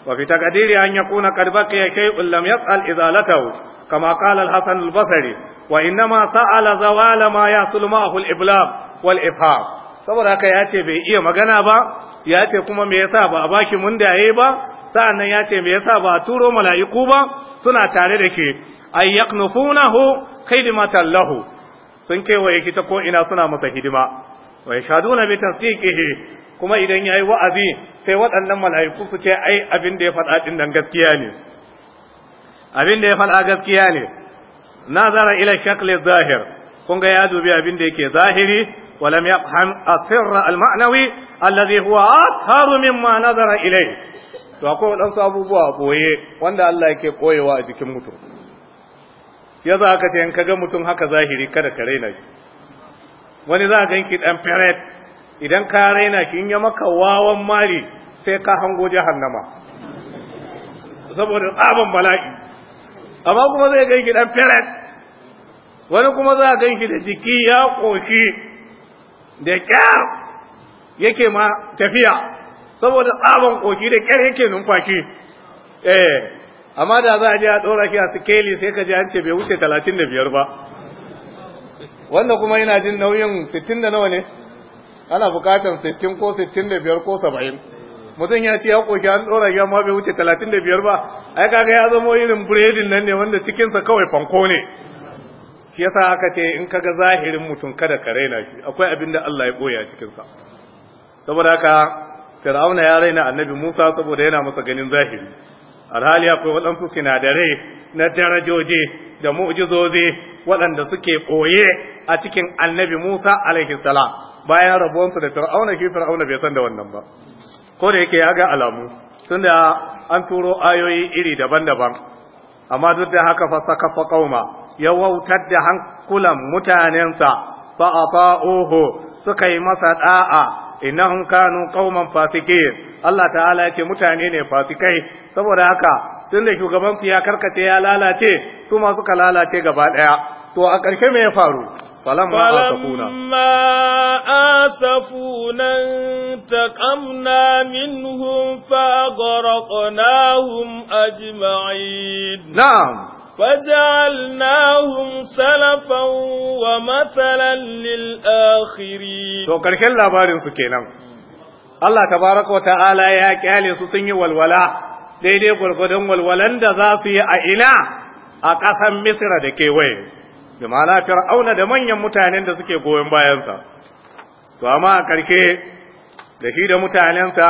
wa fi taqdiri an yakuna qad baqiya kay'un lam yas'al izalatahu kama qala al-hasan al-basri wa ma sa'ala zawala ma yasul ma'ahu al-iblaq wal ifham saboda haka ya ce bai iya magana ba ya ce kuma me yasa ba a baki mundaye ba sa'annan ya ce me yasa ba turo mala'iku ba suna tare da ke ay yaqnufunahu khidmatan lahu sun kewaye ki ta ko ina suna masa hidima wa yashaduna bi tasdiqihi kuma idan yayi wa'azi sai waɗannan mala'iku su ce ai abin da ya faɗa din gaskiya ne abin da ya faɗa gaskiya ne zara ila shakli zahir kun ga ya dubi abin da yake zahiri ولم يفهم السر المعنوي الذي هو أكثر مما نظر إليه to akwai waɗansu abubuwa a ɓoye wanda Allah yake ɓoyewa a jikin mutum ya za ka ce in ga mutum haka zahiri kada ka raina shi wani za a ganki ɗan feret idan ka raina shi in ya maka wawan mari sai ka hango jahannama saboda tsaban bala'i amma kuma zai ganki ɗan feret wani kuma za a ganki da jiki ya ƙoshi da ƙyar yake ma tafiya saboda tsaban koki da kyar yake numfashi eh amma da za a je a dora shi a sikeli sai ka ji an ce bai wuce talatin da biyar ba wanda kuma yana jin nauyin sittin da nawa ne ana bukatan sittin ko sittin da biyar ko saba'in mutum ya ce ya koki an dora shi amma bai wuce talatin da biyar ba ai kaga ya zama irin biredin nan ne wanda cikinsa kawai fanko ne shi yasa aka ce in kaga zahirin mutum kada ka raina shi akwai abin da Allah ya boya cikinsa saboda haka fir'auna ya raina annabi musa saboda yana masa ganin zahiri alhali akwai waɗansu sinadarai na darajoji da mu'jizozi waɗanda suke koye a cikin annabi musa alaihi salam bayan rabuwansu da fir'auna shi fir'auna bai san da wannan ba ko da yake ya ga alamu tunda an turo ayoyi iri daban-daban amma duk da haka fa saka fa qauma ya wautar da hankulan mutanensa fa ata'uhu suka yi masa da'a innahum kanu qauman fasikin Allah ta'ala ya ce mutane ne fasikai saboda haka tun da shugaban su ya karkace ya lalace su ma suka lalace gaba daya to a ƙarshe me ya faru فلما asafuna فلما آسفونا انتقمنا فجعلناهم سلفا ومثلا akhiri. to karshen labarin su kenan Allah tabaraka wa ta'ala ya kyale su sun yi walwala daidai gurgudun walwalan da za su yi a ina a ƙasan Misra da kewaye bi ma'ana fir'auna da manyan mutanen da suke goyon bayansa to amma a ƙarshe da shi da mutanensa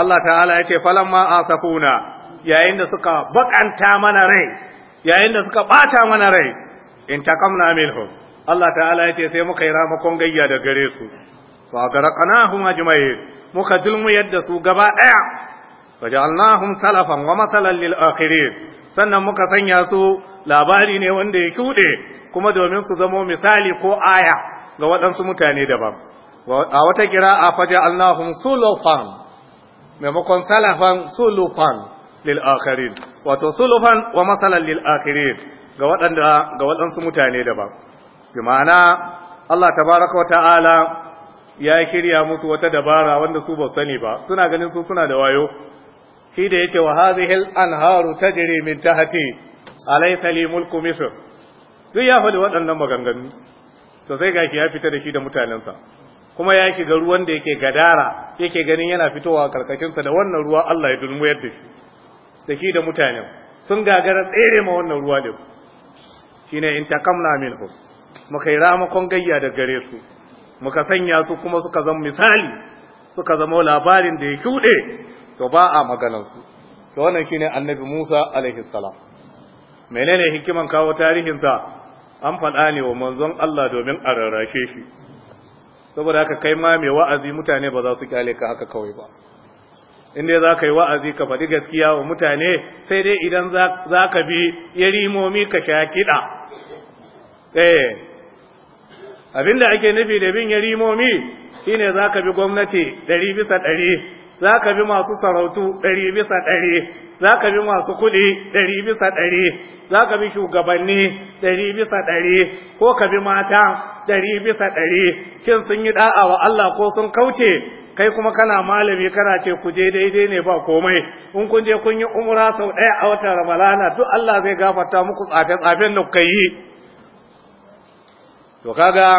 Allah ta'ala ya ce falamma asafuna yayin da suka baƙanta mana rai yayin da suka bata mana rai in takamna milhu Allah ta'ala ya ce sai muka yi ramakon gayya da gare su fa garaqnahum ajma'i muka zulmu yadda su gaba daya ja'alnahum salafan wa masalan lil akhirin sannan muka sanya su labari ne wanda ya kude kuma domin su zamo misali ko aya ga waɗansu mutane daban a wata a kira'a faj'alnahum sulufan maimakon salafan sulufan lil akhirin wato sulufan wa masalan lil akhirin ga waɗansu mutane daban bi ma'ana Allah tabaraka wa ta'ala ya kirya musu wata dabara wanda su ba sani ba suna ganin su suna da wayo shi da yake wa an haru anharu tajri min tahti alaysa li mulku misr duk ya faɗi waɗannan maganganu to sai gashi ya fita da shi da mutanensa kuma ya shiga ruwan da yake gadara yake ganin yana fitowa sa da wannan ruwa Allah ya dulmuyar da shi da ke da mutane, sun gagara tsere ma wannan ruwa in shine min minhum muka yi ramakon gayya da gare su muka sanya su kuma suka zama misali suka zama labarin da ya shuɗe to ba a maganansu to wannan shine annabi Musa alaihi salam menene hikiman kawo tarihinsa an faɗa ne wa manzon Allah domin a rarrashe shi saboda haka kai ma mai wa'azi mutane ba za su kyale ka haka kawai ba In inda za ka yi wa'azi ka faɗi gaskiya wa mutane sai dai idan za ka bi ya rimomi ka sha kiɗa eh, abinda ake nufi da bin ya rimomi shi ne za ka bi gwamnati ɗari bisa ɗari za ka bi masu sarautu ɗari bisa ɗari za ka bi masu kuɗi ɗari bisa ɗari za ka bi shugabanni ɗari bisa ɗari ko ka bi mata ɗari bisa ɗari kin sun yi ɗa'a wa Allah ko sun kauce kai kuma kana malami kana ce ku je daidai ne ba komai in kun je kun yi umra sau ɗaya a watan Ramadana duk Allah zai gafarta muku tsafe-tsafen da kuka yi to kaga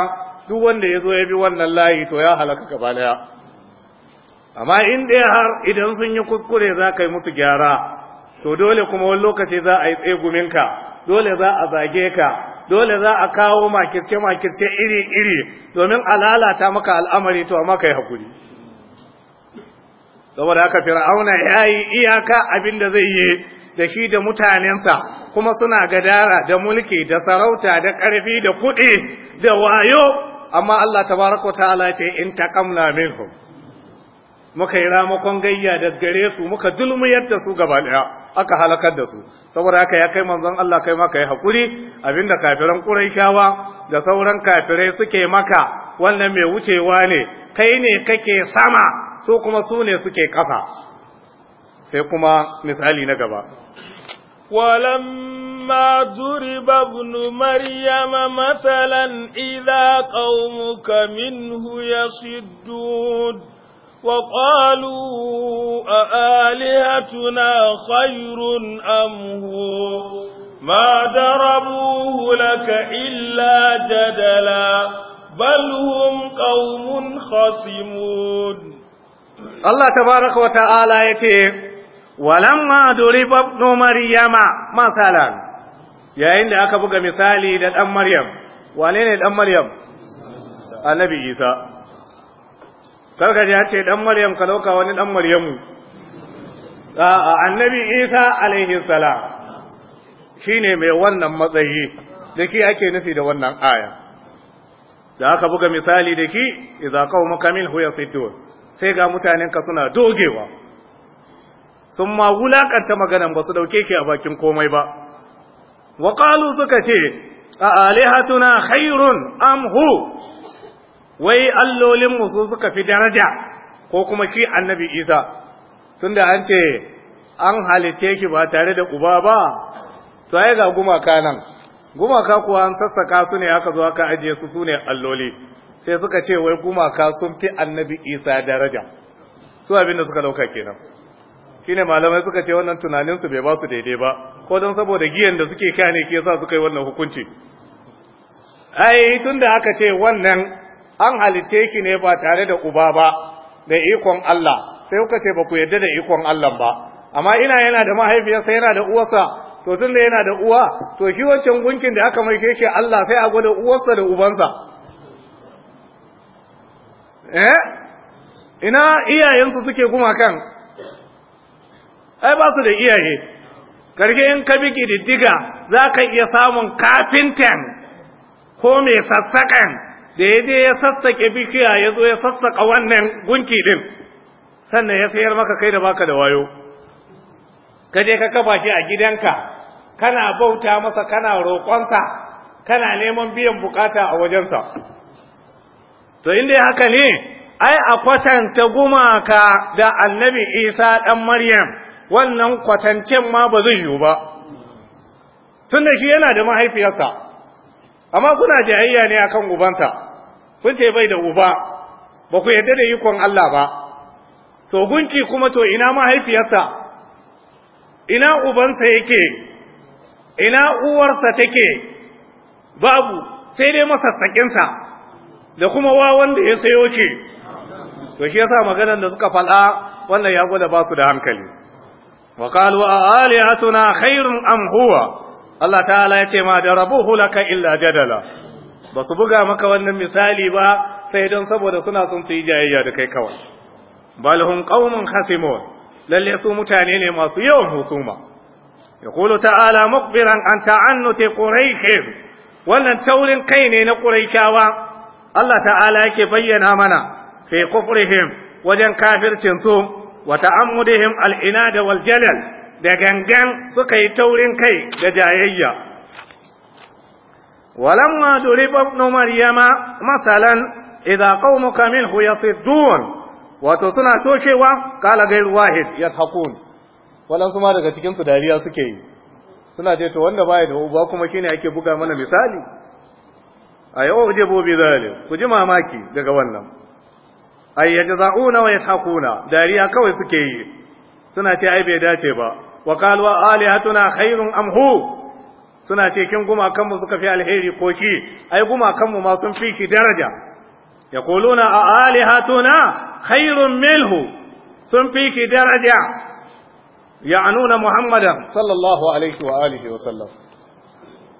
duk wanda ya zo ya bi wannan layi to ya halaka gaba daya amma in dai har idan sun yi kuskure za ka yi musu gyara to dole kuma wani lokaci za a yi tsegumin ka dole za a zage ka dole za a kawo makirce-makirce iri-iri domin a lalata maka al'amari to amma ka yi hakuri. saboda haka fir'auna ya yi iyaka abin da zai yi da shi da mutanensa kuma suna gadara da mulki da sarauta da ƙarfi da kuɗi da wayo amma Allah tabaraka ta'ala ce in taqamna minhum muka yi ramakon gayya da gare su muka dulmu da su gaba ɗaya, aka halakar da su saboda haka ya kai manzon Allah kai maka yi hakuri abinda kafiran Qurayshawa da sauran kafirai suke maka wannan mai wucewa ne kai ne kake sama su kuma su ne suke ƙasa sai kuma misali na gaba walamma zuriba ibn maryama masalan idza qaumuka minhu yasuddud wa qalu a alihatuna khairun amhu ما دربوه لك إلا جدلا بل هم قوم Allah ta tabaraka wa ta'ala ya ce ma duriba ibnu maryama masala, yayin da aka buga misali da dan maryam wane ne dan maryam annabi isa karka ji ce dan maryam ka dauka wani dan maryamu a annabi isa alaihi salam ne mai wannan matsayi da shi ake nufi da wannan aya da aka buga misali da ki idza makamil minhu yasiddun sai ga mutanenka suna dogewa sun ma wulakanta maganan ba su dauke ke a bakin komai ba wa qalu suka ce a alihatuna khairun am hu wai allolin mu su suka fi daraja ko kuma shi annabi isa tunda an ce an halice ki ba tare da uba ba to ai ga gumaka nan gumaka kuwa an sassaka su ne aka zo aka ajiye su su ne alloli sai suka ce wai gumaka sun fi annabi isa daraja su abinda suka dauka kenan shine malamai suka ce wannan tunanin su bai ba su daidai ba ko don saboda giyan da suke kane ke yasa suka yi wannan hukunci ai tunda aka ce wannan an halice ki ne ba tare da uba ba da ikon Allah sai kuka ce ba ku yarda da ikon Allah ba amma ina yana da mahaifiyarsa yana da uwarsa to tunda yana da uwa to shi wancan gunkin da aka mai keke Allah sai a gwada uwarsa da ubansa eh ina iyayensu suke kuma kan? ai ba su da iyaye karke in ka bi kididdiga za ka iya samun kafintan ko mai sassaƙan da ya je ya sassaƙe bishiya ya zo ya sassaƙa wannan gunki ɗin sannan ya sayar maka kai da baka da wayo ka je ka kafa shi a gidanka kana bauta masa kana roƙonsa kana neman biyan bukata a wajensa to inda haka ne ai a kwatanta gumaka da annabi isa ɗan maryam wannan kwatancen ma ba zai yiwu ba tun da shi yana da mahaifiyarsa amma kuna jayayya ne akan ubansa kun ce bai da uba ba ku yarda da ikon Allah ba to gunki kuma to ina mahaifiyarsa ina ubansa yake ina uwarsa take babu sai dai masassakinsa da kuma wawan da ya sayo ce to shi yasa maganar da suka faɗa wannan ya gwada ba su da hankali wa qalu a alihatuna khairun am huwa Allah ta'ala ya ce ma darabuhu laka illa jadala ba su buga maka wannan misali ba sai don saboda suna son su yi jayayya da kai kawai bal hum qaumun khasimun lalle su mutane ne masu yawan hukuma yaqulu ta'ala mukbiran an ta'annuti quraish wannan taurin kai ne na quraishawa Allah ta'ala yake bayyana mana fi kufrihim wajen kafircin su wa ta'ammudihim al-inada wal jalal da gangan suka yi taurin kai da jayayya walamma duriba ibn maryama masalan idza qaumuka minhu yasiddun wato suna soshewa kala gairu wahid yadhakun walan suma daga cikin su dariya suke yi suna ce to wanda baya da uba kuma shine ake buga mana misali a yau jebo bi ku ji mamaki daga wannan ay yajza'una wa yathaquna dariya kawai suke yi suna ce ai bai dace ba wa Ali alihatuna khairun Amhu, suna ce kin guma suka fi alheri ko shi ai guma kanmu ma sun fi shi daraja yaquluna a Hatuna khairun milhu sun fi shi daraja ya'nuna muhammadan sallallahu alaihi wa alihi wa sallam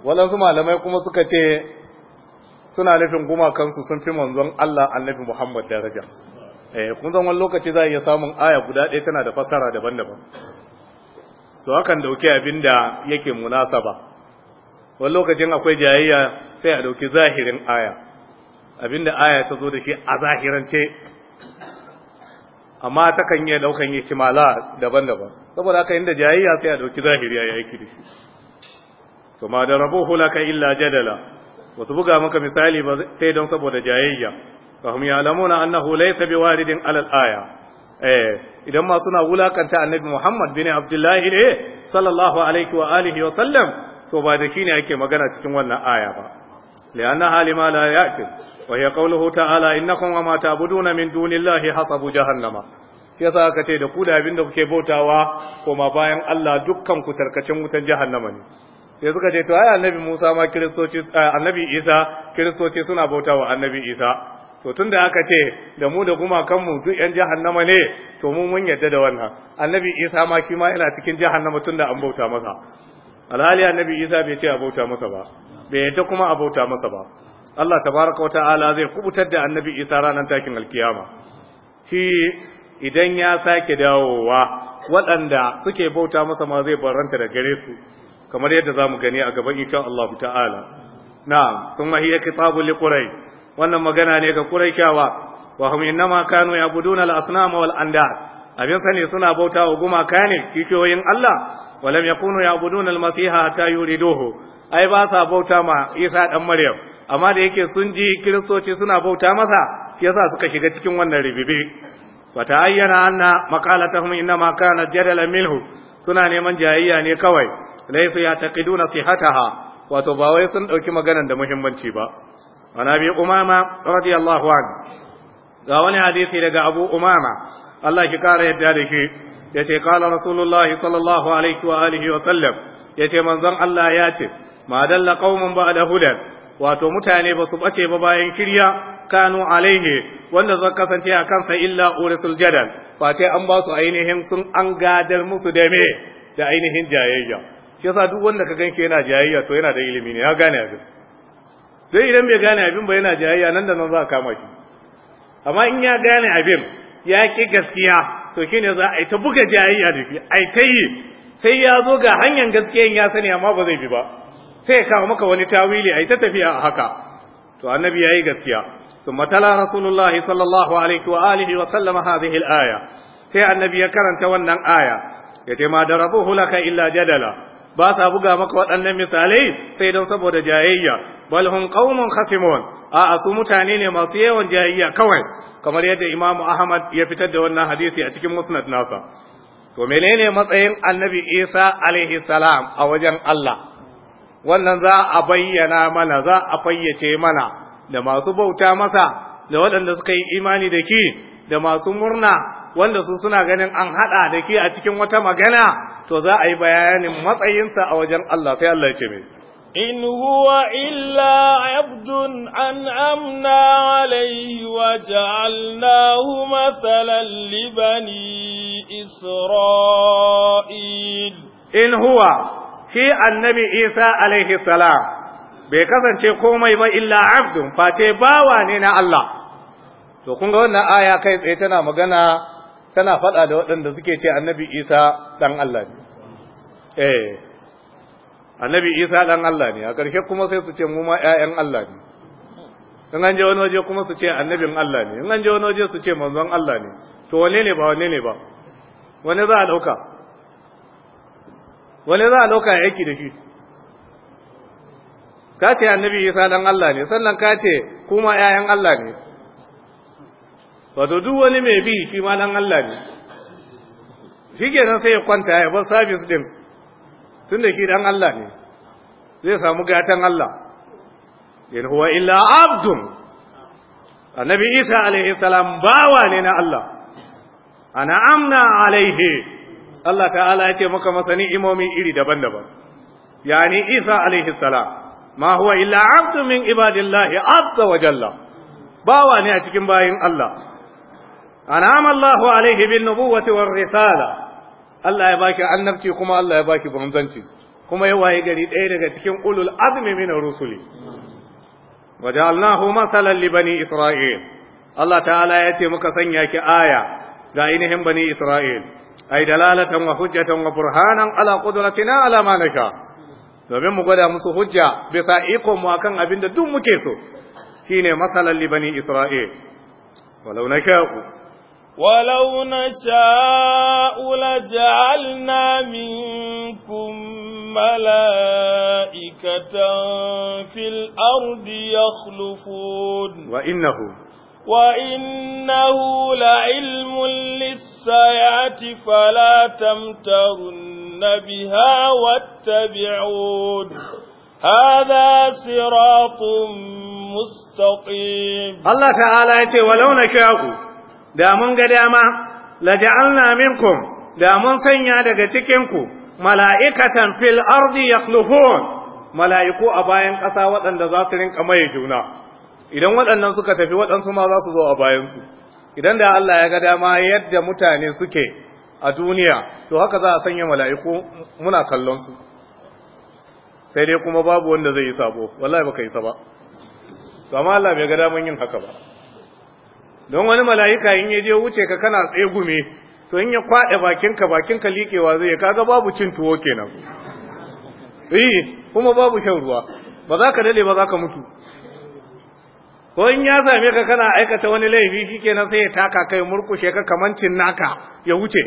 walansu malamai kuma suka ce suna nufin gumakansu sun fi manzon Allah annabi Muhammad daraja eh kun san wani lokaci za a iya samun aya guda ɗaya tana da fassara daban-daban to hakan dauke abin da yake munasaba wani lokacin akwai jayayya sai a dauki zahirin aya abin da aya ta zo da shi a zahirance amma ta kan yi daukan yi kimala daban-daban saboda haka inda jayayya sai a dauki zahiri ya yi kiri to ma da rabo hulaka illa jadala ba su buga maka misali ba sai don saboda jayayya fa ya ya'lamuna annahu laysa biwaridin alal aya eh idan ma suna wulakanta annabi Muhammad bin Abdullahi ne sallallahu alaihi wa alihi wa sallam to ba da shine ake magana cikin wannan aya ba لأنها لما لا يأكل وهي قوله تعالى إنكم وما تعبدون من دون الله حصب جهنم yasa aka ce da ku da abin da kuke bautawa koma bayan Allah dukkan ku wutan jahannama ne sai suka ce to ai annabi Musa ma kiristoci eh, annabi Isa kiristoci suna bauta wa annabi Isa to tunda aka ce da mu da kuma kanmu duk yan jahannama ne to mu mun yadda da wannan annabi Isa ma shi ma yana cikin jahannama tunda an bauta masa alhali annabi Isa bai ce a bauta masa ba bai yadda kuma a bauta masa ba Allah tabaraka wa ta'ala zai kubutar da annabi Isa ranar takin alkiyama shi idan ya sake dawowa waɗanda suke bauta masa ma zai baranta da gare su kamar yadda za mu gani a gaban insha Allah ta'ala na'am sun mahi ya kitabu li wannan magana ne ga kyawa. wa hum ma kanu ya'buduna al-asnam wal Anda? abin sani suna bauta wa gumaka ne kishiyoyin Allah walam yakunu ya'buduna al-masiha yuri yuriduhu ai ba sa bauta ma Isa dan Maryam amma da yake sun ji kiristoci suna bauta masa shi yasa suka shiga cikin wannan ribibi wa ayyana anna maqalatuhum ma kana jadala minhu suna neman jayayya ne kawai laysa yataqiduna sihataha wato ba wai sun ɗauki maganar da muhimmanci ba ana bi umama radiyallahu an ga wani hadisi daga abu umama Allah ki kara yadda da shi yace qala rasulullahi sallallahu alaihi wa alihi wa sallam yace manzon Allah ya ce ma dalla ba ba'da hudan wato mutane ba su bace ba bayan kirya kanu alaihi wanda zan kasance a kansa illa urisul jadal face an ba su ainihin sun an gadar musu da me da ainihin jayayya shi yasa duk wanda ka shi yana jayayya to yana da ilimi ne ya gane abin sai idan bai gane abin ba yana jayayya nan da nan za a kama shi amma in ya gane abin ya ki gaskiya to shine za a yi ta buga jayayya da shi ai ta sai ya zo ga hanyar gaskiyan ya sani amma ba zai bi ba sai ya kawo maka wani tawili ai ta tafiya a haka to annabi yayi gaskiya ثم تلا رسول الله صلى الله عليه وآله وسلم هذه الآية sai annabi ya karanta wannan aya ya ce ma da rabu hulaka illa jadala ba sa buga maka waɗannan misalai sai don saboda jayayya balhun hum qaumun khasimun a su mutane ne masu yawan jayayya kawai kamar yadda imamu ahmad ya fitar da wannan hadisi a cikin musnad nasa to menene matsayin annabi isa alaihi salam a wajen allah wannan za a bayyana mana za a fayyace mana da masu bauta masa da waɗanda suka yi imani da ki da masu murna wanda su suna ganin an haɗa da ke a cikin wata magana to za a yi bayanin matsayinsa a wajen Allah sai Allah ce mai in huwa illa abdun an amna alaihi wa ja'alnahu mathalan li bani isra'il in huwa shi annabi isa alaihi salam bai kasance komai ba illa abdun face bawa ne na Allah to kun ga wannan aya kai tsaye tana magana tana faɗa da waɗanda suke ce annabi isa ɗan Allah ne eh annabi isa ɗan Allah ne a ƙarshe kuma sai su ce muma ’ya’yan ƴaƴan Allah ne in an je wani waje kuma su ce annabin Allah ne in an je wani waje su ce manzon Allah ne to wane ne ba wane ne ba wane za a ɗauka wane za a ɗauka aiki da shi ka ce annabi isa ɗan Allah ne sannan ka ce kuma ƴaƴan Allah ne wato duk wani mai bi shi ma dan Allah ne shi kenan sai ya kwanta ya bar sabis din tun da shi dan Allah ne zai samu gatan Allah in huwa illa abdun annabi isa alaihi salam bawa ne na Allah ana amna alaihi Allah ta'ala ya ce maka masa imomi iri daban-daban yani isa alaihi salam ma huwa illa abdun min ibadillahi azza wa jalla bawa ne a cikin bayin Allah anama Allahu alaihi bin nubuwati war risala Allah ya baki annabci kuma Allah ya baki manzanci kuma ya waye gari ɗaya daga cikin ulul azmi min rusuli waja'alnahu masalan li bani isra'il Allah ta'ala ya ce muka sanya ki aya ga ainihin bani isra'il da dalalatan wa hujjatan wa burhanan ala qudratina ala ma nasha domin mu gwada musu hujja bisa ikon mu akan abin da duk muke so shine masalan li bani isra'il walau nasha'u ولو نشاء لجعلنا منكم ملائكة في الأرض يخلفون وإنه وإنه لعلم للسيات فلا تمترن بها واتبعون هذا صراط مستقيم الله تعالى يقول ولو نشاء da mun ga dama laja'alna minkum da mun sanya daga cikin ku mala'ikatan fil ardi yakhlufun mala'iku a bayan ƙasa waɗanda za su rinka mai juna idan waɗannan suka tafi waɗansu ma za su zo a bayan su idan da Allah ya ga dama yadda mutane suke a duniya to haka za a sanya mala'iku muna kallon su sai dai kuma babu wanda zai yi sabo wallahi baka yi sa ba to amma Allah bai ga daman yin haka ba don wani mala'ika in ya je wuce ka kana tsegume to in ya kwaɗa bakinka bakinka liƙewa zai kaga babu cin tuwo kenan Yi, kuma babu shan ruwa ba za ka dade ba za ka mutu ko in ya same ka kana aikata wani laifi shi shikenan sai ya taka kai murkushe ka kamancin naka ya wuce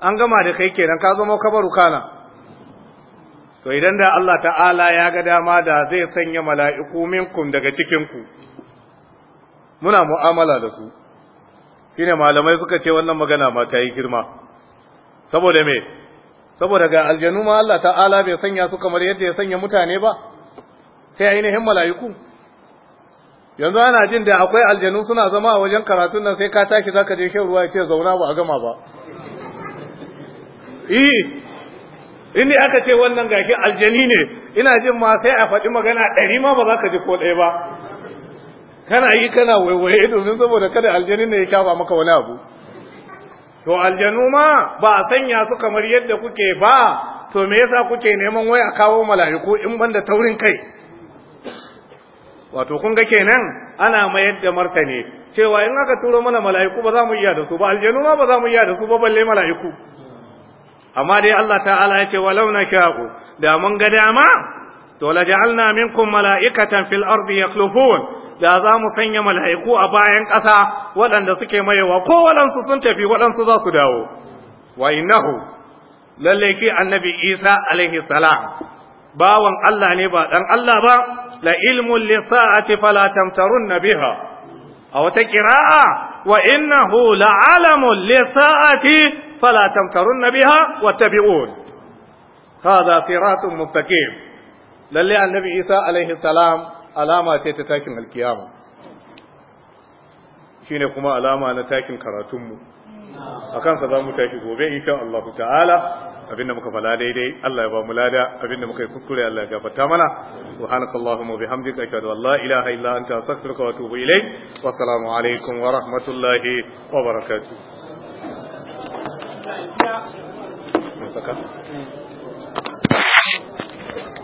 an gama da kai kenan ka zama kabaru kana to idan da Allah ta'ala ya ga dama da zai sanya mala'iku minkum daga cikinku. muna mu'amala da su shine malamai suka ce wannan magana ma ta yi girma saboda me saboda ga aljanu ma Allah ta'ala bai sanya su kamar yadda ya sanya mutane ba sai ainihin mala'iku yanzu ana jin da akwai aljanu suna zama a wajen karatun nan sai ka tashi zaka je shan ruwa ya ce zauna ba a gama ba eh inda aka ce wannan gashi aljani ne ina jin ma sai a faɗi magana ɗari ma ba za ka ji ko ɗaya ba kana yi kana waiwaye domin saboda kada aljanin ne ya shafa maka wani abu to aljanu ma ba a sanya su kamar yadda kuke ba to me yasa kuke neman waya kawo mala'iku in banda taurin kai wato kun ga kenan ana mayar da martani cewa in aka turo mana mala'iku ba za mu iya da su ba aljanu ma ba za mu iya da su ba balle mala'iku amma dai Allah ta'ala ya ce walau na da mun ga dama to la ja'alna mala'ikatan fil ardi yakhlufun da za mu sanya mala'iku a bayan ƙasa waɗanda suke mayewa ko waɗansu sun tafi waɗansu za su dawo wa innahu lalle ki annabi Isa alaihi salam bawan Allah ne ba ɗan Allah ba la ilmun sa'ati fala tamtarun biha a wata ƙira'a. wa innahu la alamun li sa'ati fala tamtarun biha wattabi'un siratun mustaqim lalle annabi isa alaihi salam alama ce ta takin alkiyama shine kuma alama na takin karatunmu a kansa za mu gobe insha Allah ta'ala abinda muka fala daidai Allah ya ba mu lada abinda muka yi kuskure Allah ya gafarta mana subhanakallahumma bihamdika ashhadu an la ilaha illa anta astaghfiruka wa atubu ilayk wa assalamu alaikum wa rahmatullahi wa barakatuh